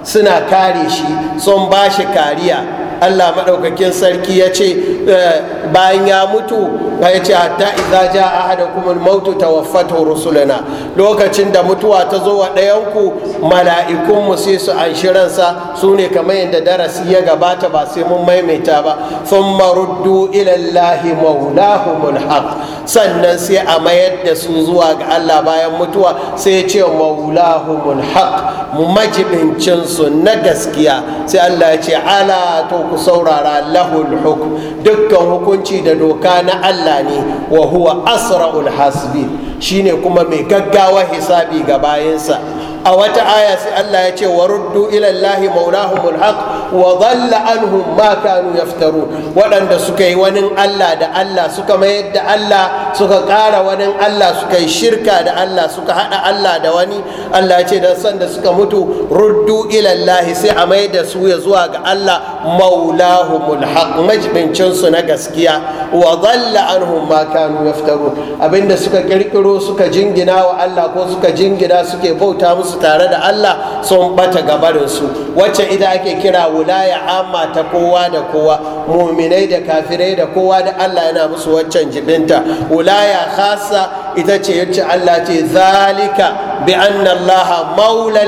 suna kare shi sun ba shi kariya Allah maɗaukakin sarki ya ce eh, bayan ya mutu ya ce hatta idza jaa kuma al ta tawaffatu rusulana lokacin da mutuwa ta zo wa ɗayan ku mala'ikun sai su anshi su sune kamar yadda darasi ya gabata ba sai mun maimaita ba thumma ruddu ila allahi maulahumul haq sannan sai a mayar da su zuwa ga Allah bayan mutuwa sai ya ce maulahumul haq majibincin su na gaskiya sai Allah ya ce ala to ku saurara lahul hukm dukkan hukum hukunci da doka na Allah ne wa huwa asra'ul hasbi shine kuma mai gaggawa hisabi ga bayansa a wata aya sai Allah ya ce wa ruddu ila Allah maulahumul haq wa dhalla anhum ma kanu yaftaru waɗanda suka yi wani Allah da Allah suka mayar da Allah suka ƙara wani Allah suka yi shirka da Allah suka haɗa Allah da wani Allah ya ce dan sanda suka mutu ruddu ila sai a mayar da su ya zuwa ga Allah maulahumul haq majibincin su na gaskiya wa dhalla anhum ma kanu yaftaru abinda suka kirkiro suka jingina wa Allah ko suka jingina suke bauta musu su tare da Allah sun bata gabarinsu wacce ita ake kira wulaya amma ta kowa da kowa muminai da kafirai da kowa da Allah yana musu waccan jibinta wulaya khasa ita ce yace Allah ce zalika bi anna Allah maula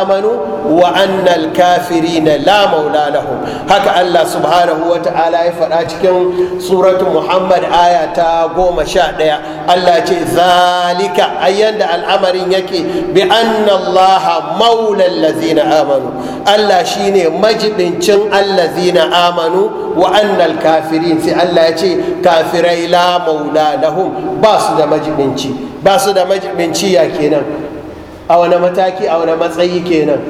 amanu wa annal kafiri na la maula lahum haka Allah subhanahu wa ta'ala ya faɗa cikin suratu Muhammad aya ta goma sha ɗaya Allah ce zalika yadda al'amarin yake bi anna Allah maula allazina amanu Allah shine majibincin allazina amanu wa annal kafirin sai Allah ya ce kafirai la maula lahum ba su da majibinci ba su da majibinci ya kenan a wani mataki a wani matsayi kenan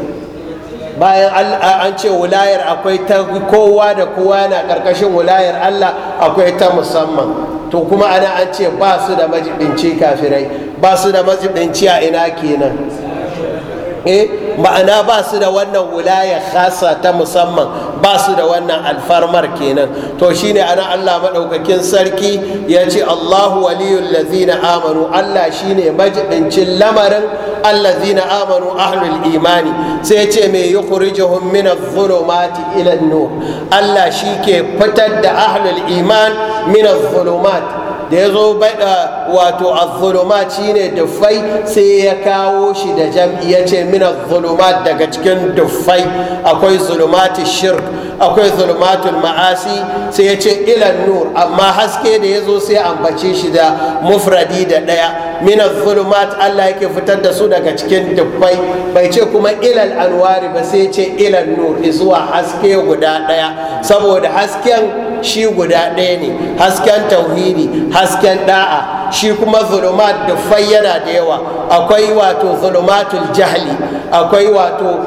bayan an ce wulayar akwai ta kowa da kowa na karkashin wulayar Allah akwai ta musamman to kuma ana an ce ba su da majibinci kafirai ba su da majibinci a ina kenan eh ma'ana ba su da wannan wulaya khasa ta musamman ba su da wannan alfarmar kenan to shine ana Allah maɗaukakin sarki ya ce Allahu waliyul ladzina amanu Allah shine majibincin lamarin allazina amanu ahlul imani sai ce me yukhrijuhum min adh-dhulumati ila an-nur Allah shike fitar da ahlul iman min adh dhulumati da ya zo baɗa wato azuluma shi ne dufai sai ya kawo shi da jam'i ya ce mina zuluma daga cikin dufai akwai zulumati shirk akwai zulumatun ma'asi sai ya ce ilan nur amma haske da ya zo sai ambace shi da mufradi da ɗaya mina zulumat allah yake fitar da su daga cikin dufai bai ce kuma ilal anwari ba sai ce ilan nur zuwa haske guda ɗaya saboda hasken shi guda ɗaya ne hasken tauhidi hasken da'a shi kuma zulumat dufai yana da yawa akwai wato zulumatul jahli akwai wato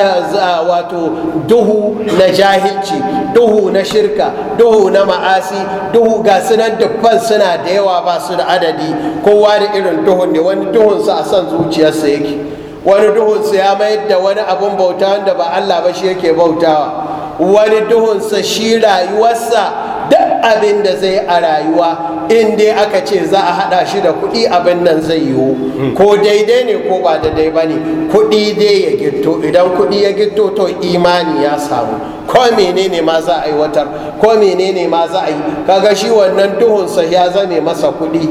eh, wato duhu na jahilci duhu na shirka duhu na ma'asi duhu ga sunan dukkan suna da yawa ba su da adadi kowa da irin duhun ne wani duhunsa a san zuciyarsa yake wani duhunsa ya mayar da wani abun bauta wanda ba allah ba shi yake bautawa wani duhunsa shi rayuwarsa duk abin da zai a rayuwa in dai aka ce za a hada shi da kuɗi abin nan zai yiwu hmm. ko daidai ne ko ba daidai ba ne kuɗi dai ya gitto idan kuɗi ya gitto to imani ya samu ko menene ma za a aiwatar ko menene ma za a yi kaga shi wannan sa ya zame masa kuɗi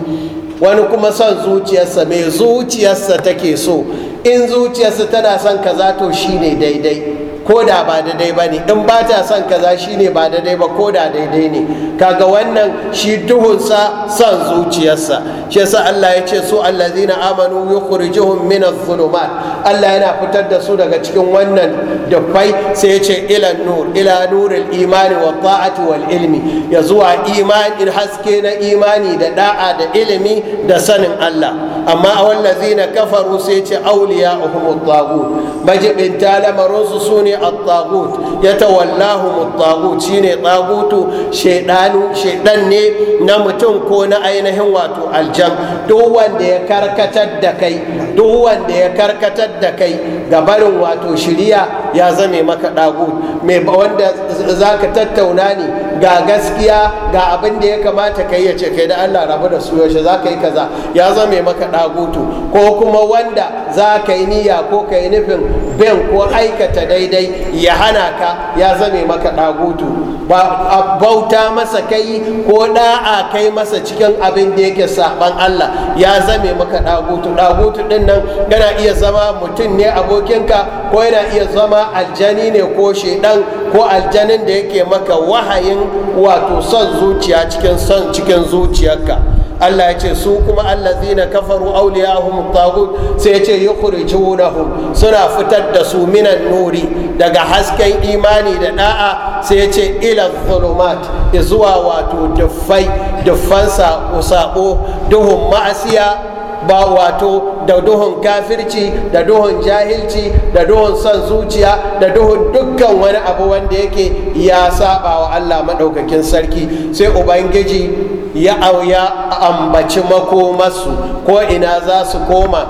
wani kuma son zuciyarsa mai zuciyarsa take so in zuciyarsa tana son kaza to shi ne daidai ko da ba daidai ba ne in ba ta son kaza shi ne ba daidai ba ko da daidai ne kaga wannan shi tuhunsa son zuciyarsa shi yasa Allah ya ce su allazina amanu yukhrijuhum min adh-dhulumat Allah yana fitar da su daga cikin wannan dafai sai ya ce ila nur ila nuril imani wa ta'ati wal ilmi ya zuwa imani haske na imani da da'a da ilimi da sanin Allah amma awallazina kafaru sai ya ce awliya'uhum at-taghut majibin talamarin su sune at-taghut yatawallahu at-taghut shine tagutu shaydanu shaydan ne na mutum ko na ainihin wato aljam duk wanda ya karkatar da kai duk wanda ya karkatar da kai ga wato shiriya ya zame maka dagut wanda zaka tattauna ne ga gaskiya ga abinda ya kamata kai ya ce kai da Allah rabu da su yaushe za yi kaza ya zame maka dagutu ko kuma wanda za ka yi niyya ko ka nufin bin ko aikata daidai ya hana ka ya zame maka ɗagutu ba bauta masa kai ko ɗa'a kai masa cikin abin da yake saɓan Allah ya zame maka ɗagutu ɗagutu ɗin nan yana iya zama mutum ne abokinka ko yana iya zama aljani ne ko shaidan ko aljanin da yake maka wahayin wato son zuciya cikin cikin zuciyarka Allah ya ce su kuma allazina kafaru auliya at-taghut sai ya ce yukhrijunahum suna fitar da su minan nuri daga hasken imani da da'a sai ya ce ila zulumat zuwa wato duffai duffan sako duhun ma'asiya ba wato da duhun kafirci da duhun jahilci da duhun son zuciya da duhun dukkan wani abu wanda yake ya saba wa Allah madaukakin sarki sai ubangiji ya ambaci makomarsu ko ina za su koma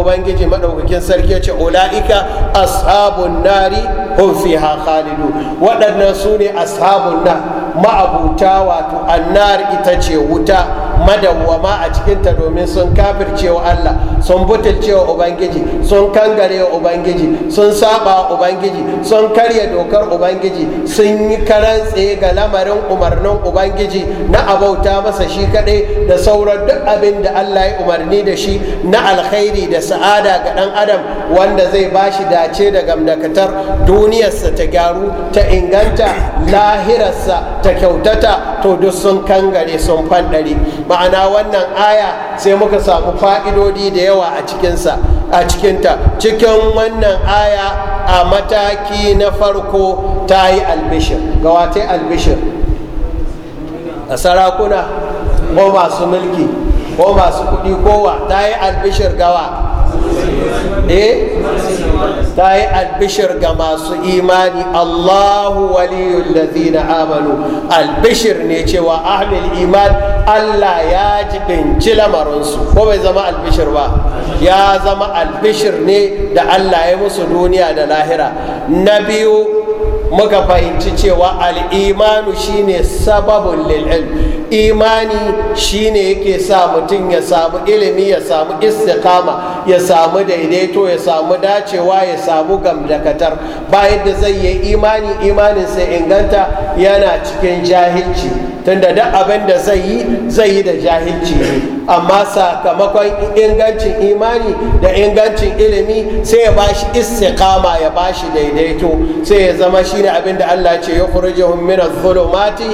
ubangiji maɗaukakin sarki ce ula'ika ashabun nari hum ha khalidu waɗannan su ne ashabun nar ma'abuta wato annar ita ce wuta madawwama a cikinta domin sun cewa Allah sun butulcewa Ubangiji sun kangare Ubangiji sun saba Ubangiji sun karya dokar Ubangiji sun yi karantse ga lamarin umarnin Ubangiji na abauta masa shi kaɗai da sauran duk abin da Allah ya umarni da shi na alkhairi da sa'ada ga ɗan adam wanda zai ba shi dace da gamdakatar duniyarsa ta gyaru ta inganta lahirarsa ta kyautata to duk sun kangare sun fanɗare ma'ana wannan aya sai muka samu fa'idodi da yawa a cikinsa a cikinta cikin wannan aya a mataki na farko ta yi albishir gawatai albishir a sarakuna ko masu mulki ko masu kuɗi kowa ta yi albishir gawa إيه؟ تاي البشر قماص إيماني الله ولي الذين آمنوا البشر نيتي وأهل الإيمان الله يجب أن تلا مرنس هو زما البشر وا يا زما البشر ني دا الله يمس الدنيا دا لاهرة نبيو مكفاين تشي وا الإيمان شيني سبب للعلم imani shine yake sa mutum ya samu ilimi ya samu istikama ya samu daidaito ya samu dacewa ya samu gamdakatar bayan da zai yi imani imanin sai inganta yana cikin jahilci tunda duk abin da zai yi zai yi da jahilci ne amma sakamakon ingancin imani da ingancin ilimi sai ya bashi istiqama ya bashi daidaito sai ya zama shine abin da Allah ce ya khurijuhum min adh zulumati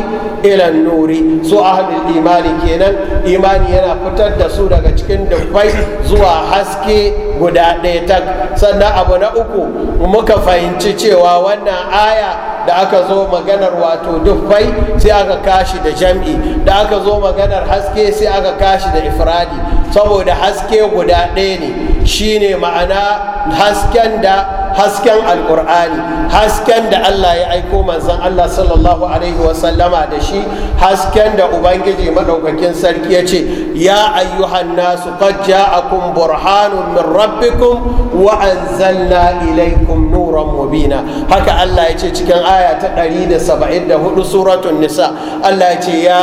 ila nuri su ahlul imani kenan imani yana fitar da su daga cikin dubbai zuwa haske guda ɗaya tak sannan abu na uku muka fahimci cewa wannan aya da aka zo maganar wato dubbai sai aka kashi da jam'i da aka zo maganar haske sai aka kashi da ifradi saboda haske guda ɗaya ne shine ma'ana hasken da hasken alkur'ani hasken da allah ya aiko manzon allah sallallahu alaihi wasallama da shi hasken da ubangiji maɗaukakin sarki ya ce ya ayyuhan nasu qad ja'akum burhanun min rabbikum wa anzalna ilaykum nuran mubina haka allah ya ce cikin aya ta 174 suratun nisa allah ya ce ya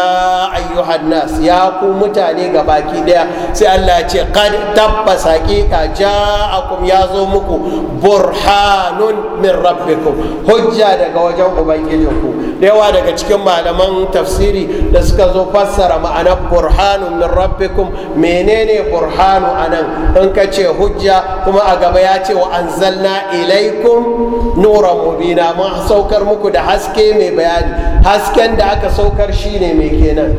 ayyuhan nas ya ku mutane gabaki daya sai allah ya ce qad tabbas hakika ja'akum ya zo muku burhan burhanun min rabbikum hujja daga wajen ubangijinku da yawa daga cikin malaman tafsiri da suka zo fassara ma'anar burhanun min rabbikum menene burhanu anan in ka ce hujja kuma a gaba ya ce wa anzalna ilaikum nuran mubina mun saukar muku da haske mai bayani hasken da aka saukar shine mai kenan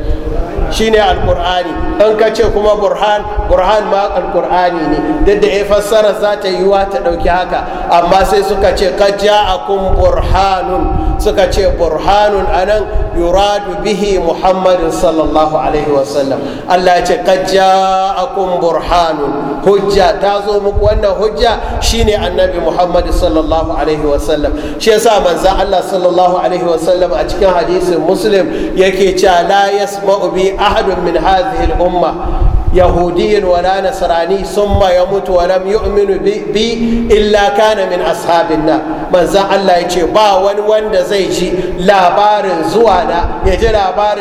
Shi ne alkur'ani in ka ce kuma burhan burhan ma alkur'ani ne duk da ya eh fassara za ta yiwa ta ɗauki haka amma sai suka ce ka ja'akum burhanun suka ce burhanun anan yuradu bihi muhammadin sallallahu alaihi wasallam allah ce kad ja'akum burhanun hujja ta zo muku wannan hujja shine annabi muhammad sallallahu alaihi wasallam shi yasa manzo allah sallallahu alaihi wasallam a cikin hadisin muslim yake cewa la yasma'u bi ahadun min hadhihi al-umma يهودي ولا نصراني ثم يموت ولم يؤمن بي, بي إلا كان من أصحاب النار من زع الله يجي با وان وان دا ji labarin لابار زوانا يجي لابار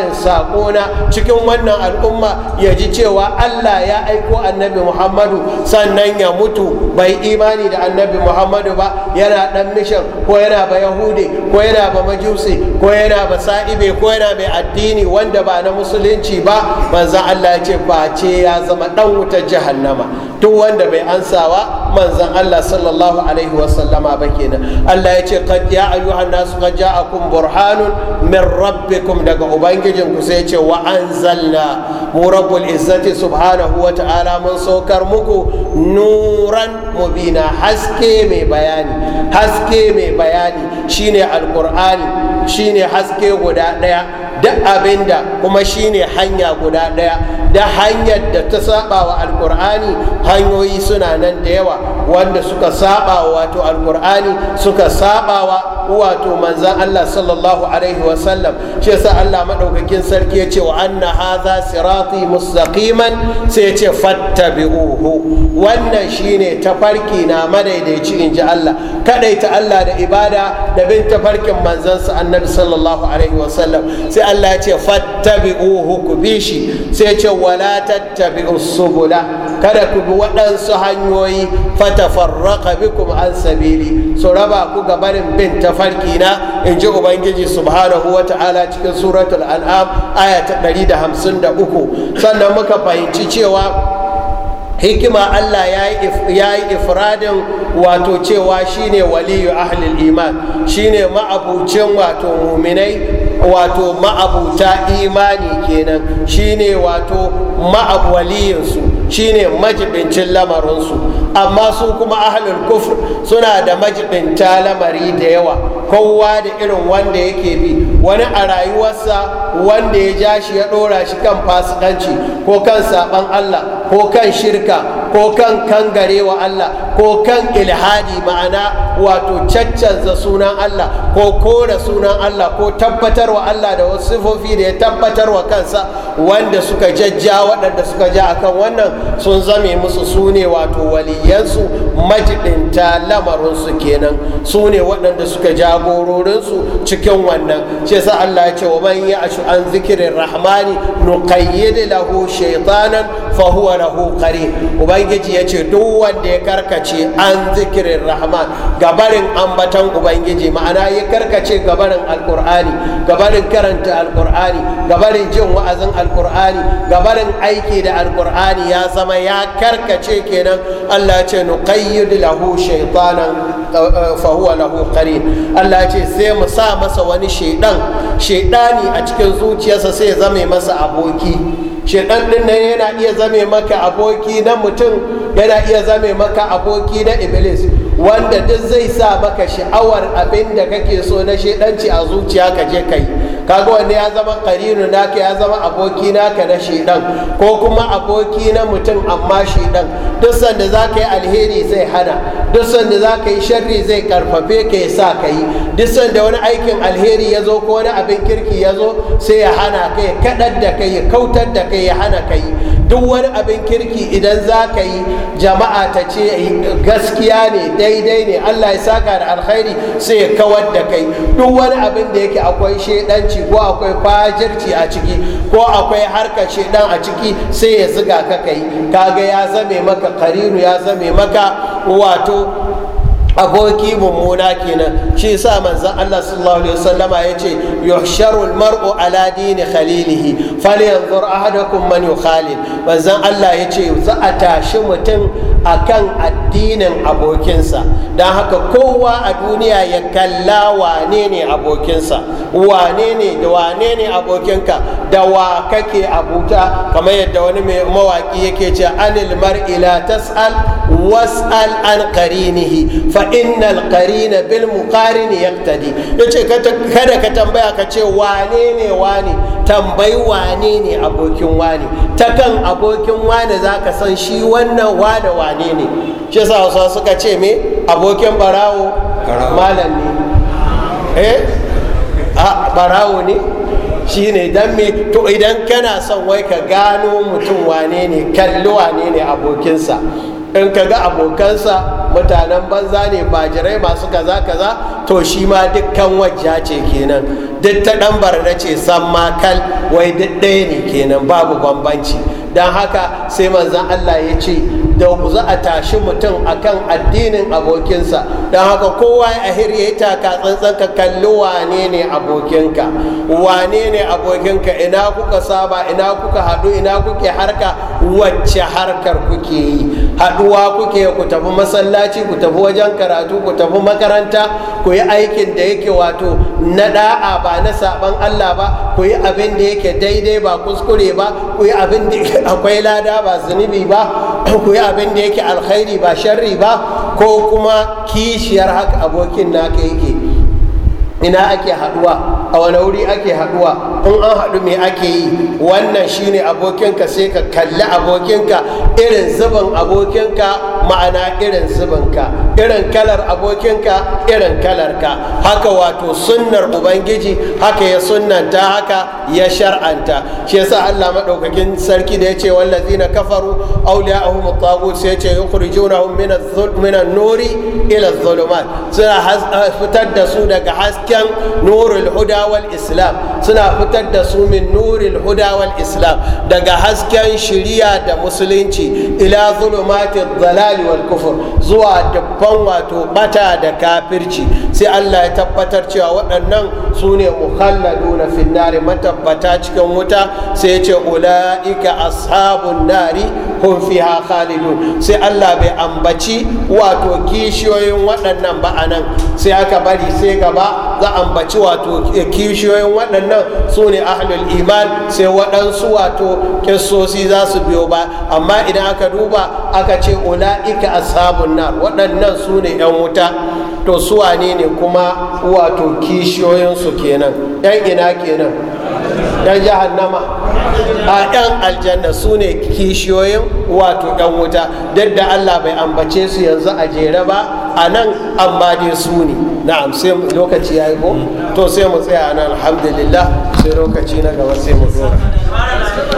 cikin wannan al'umma ya ji cewa Allah ya aiko annabi Muhammadu sannan ya mutu bai imani da annabi Muhammadu ba yana dan mishan ko yana ba Yahudi ko yana ba Majusi ko yana ba Sa'ibe ko yana mai addini wanda ba na musulunci ba manzo Allah ya ce ba ce ya zama dan wuta jahannama duk wanda bai ansawa manzan Allah sallallahu alaihi wasallama ba kenan Allah ya ce qad ya ayyuhan nas qad ja'akum burhanun min rabbikum daga ubangijin ku sai ya ce wa anzalna mu rabbul izzati subhanahu wa ta'ala mun saukar muku nuran mubina haske mai bayani haske mai bayani shine alqur'ani shine haske guda ɗaya duk abinda kuma shine hanya guda ɗaya da hanyar da ta saba wa alkur'ani hanyoyi suna nan da yawa wanda suka saba wa wato alkur'ani suka saba wa wato manzan Allah sallallahu alaihi wasallam shi yasa Allah madaukakin sarki ya ce wa anna hadha sirati mustaqiman sai ya ce fattabi'uhu wannan shine tafarki na madaidaici inji Allah kadaita Allah da ibada da bin tafarkin manzansa annabi sallallahu alaihi wasallam sai Allah ya ce fattabi'uhu ku bi shi sai ya ce wala tattabi'us subula kada ku bi waɗansu hanyoyi fatafarraqa bikum an sabili su raba ku gabarin bin tafarkin tafarki na in ji ubangiji subhanahu wa ta'ala cikin suratul an'am aya ta uku, sannan muka fahimci cewa hikima Allah ya yi ifradin wato cewa shine waliyu ahlil iman shine ma'abucin wato muminai wato ma'abuta imani kenan shine wato ma'abwaliyinsu shine majibincin lamarinsu amma su kuma ahalin kufr suna da majibinta lamari da yawa kowa da irin wanda yake bi wani a rayuwarsa wanda ya ja shi ya ɗora shi kan fasikanci ko kan saɓan Allah ko kan shirka ko kan kangarewa Allah ko kan ilhadi ma'ana wato caccanza sunan Allah ko kora sunan Allah ko tabbatarwa Allah da wasu sifofi da ya tabbatarwa kansa wanda suka jajja waɗanda suka ja akan wannan sun zame musu su ne wato waliyansu majiɗinta lamarinsu kenan su ne waɗanda suka jagororinsu cikin wannan ce sa Allah yace ce wa man ya ashu an zikirin rahmani nuqayyid lahu shaytanan fa huwa lahu qarin ubangiji ya ce duk wanda ya karkace ce an zikirin rahman gabarin ambatan ubangiji ma'ana ya karkace gabarin alkur'ani gabarin karanta alkur'ani gabarin jin wa'azin alkur'ani gabarin aiki da alkur'ani ya zama ya karkace kenan allah ce nuqayyid lahu shaytanan uh, uh, fahuwa lahu qarin allah ce sai mu sa masa wani shaidan shaidani a cikin zuciyarsa sai ya zame masa aboki shaidan din nan yana iya zame maka aboki na mutum yana iya zame maka aboki na iblis wanda duk zai sa maka sha'awar abin da kake so na shedanci a zuciya ka je kai kaga wanda ya zama karinu naka ya zama aboki naka na shedan ko kuma aboki na mutum amma shedan duk sanda za ka yi alheri zai hana duk sanda za ka yi sharri zai karfafe ka ya sa ka yi duk sanda wani aikin alheri ya zo ko wani abin kirki ya zo sai ya hana ka ya kaɗar da ka ya kautar da kai ya hana ka yi duk wani abin kirki idan za ka yi jama'a ta ce gaskiya ne daidai ne allah ya saka da alkhairi sai ya kawar da kai duk wani abin da yake akwai shaidanci ko akwai fajirci a ciki ko akwai harkar shedan a ciki sai ya ziga ka kai kaga ya zame maka kariru ya zame maka wato aboki mummuna kenan shi yasa manzon Allah sallallahu alaihi wasallama yace yuhsharul mar'u ala dini khalilihi falyanzur ahadukum man yukhalil manzon Allah yace za a tashi mutum akan addinin abokinsa dan haka kowa a duniya ya kalla wane ne abokinsa wane ne da wane ne abokinka da wa kake abuta kamar yadda wani mawaki yake cewa anil mar'ila tas'al was'al an qarinihi fa innal qarina bil muqarin yaqtadi yace kada ka tambaya ka ce wane ne wane tambayi wane ne abokin wane ta kan abokin wane zaka san shi wannan wane wane ne shi yasa wasu suka ce me abokin barawo malam ne eh a barawo ne shine dan me to idan kana son wai ka gano mutum wane ne kalli wane ne abokinsa in ka ga abokansa mutanen banza ne bajirai masu kaza kaza to shi ma dukkan wajja ce kenan duk ta dan barna ce san makal wai duk ɗaya ne kenan babu bambanci don haka sai manzan Allah ya ce da za a tashi mutum akan addinin abokinsa don haka kowa ya ahir ya yi taka tsantsan ka kalli wane ne abokinka wane ne abokinka ina kuka saba ina kuka haɗu ina kuke harka wacce harkar kuke yi haɗuwa kuke ku tafi masallaci ku tafi wajen karatu ku tafi makaranta ku yi aikin da yake wato na da'a ba na saban Allah ba ku yi abin da yake daidai ba kuskure ba ku yi abin da akwai lada ba zunubi ba ku yi abin da yake alkhairi ba sharri ba ko kuma kishiyar haka abokin naka yake ina ake haɗuwa a wani wuri ake haɗuwa in an haɗu me ake yi wannan shine abokinka sai ka kalli abokinka irin zubin abokinka ma'ana irin zubinka irin kalar abokinka irin kalarka haka wato sunnar ubangiji haka ya sunnanta haka ya shar'anta shi yasa Allah madaukakin sarki da yace wallazina kafaru awliya'uhum at-taghut sai yace yukhrijunahum min min an-nuri ila adh-dhulumat suna fitar da su daga hasken nurul huda wal islam suna fitar da su min nurul huda wal islam daga hasken shiriya da musulunci ila zulumati dhalal wal kufr zuwa babban wato bata da kafirci sai Allah ya tabbatar cewa waɗannan su ne na finnari matabbata cikin wuta sai ya ce ula'ika ashabun nari hum fi khalidun sai Allah bai ambaci wato kishiyoyin waɗannan ba anan sai aka bari sai gaba za ambaci wato kishiyoyin waɗannan su ne ahlul iman sai waɗansu wato kissosi za su biyo ba amma idan aka duba aka ce ula'ika ashabun nar waɗannan waɗannan su ne 'yan wuta to su wane ne kuma wato kishiyoyinsu kenan 'yan ina kenan 'yan jahannama a 'yan aljanna su ne kishiyoyin wato 'yan wuta duk da allah bai ambace su yanzu a jere ba a nan amma dai su ne na amsa lokaci ya yi ko to sai mu tsaya nan alhamdulillah sai lokaci na gaba sai mu zora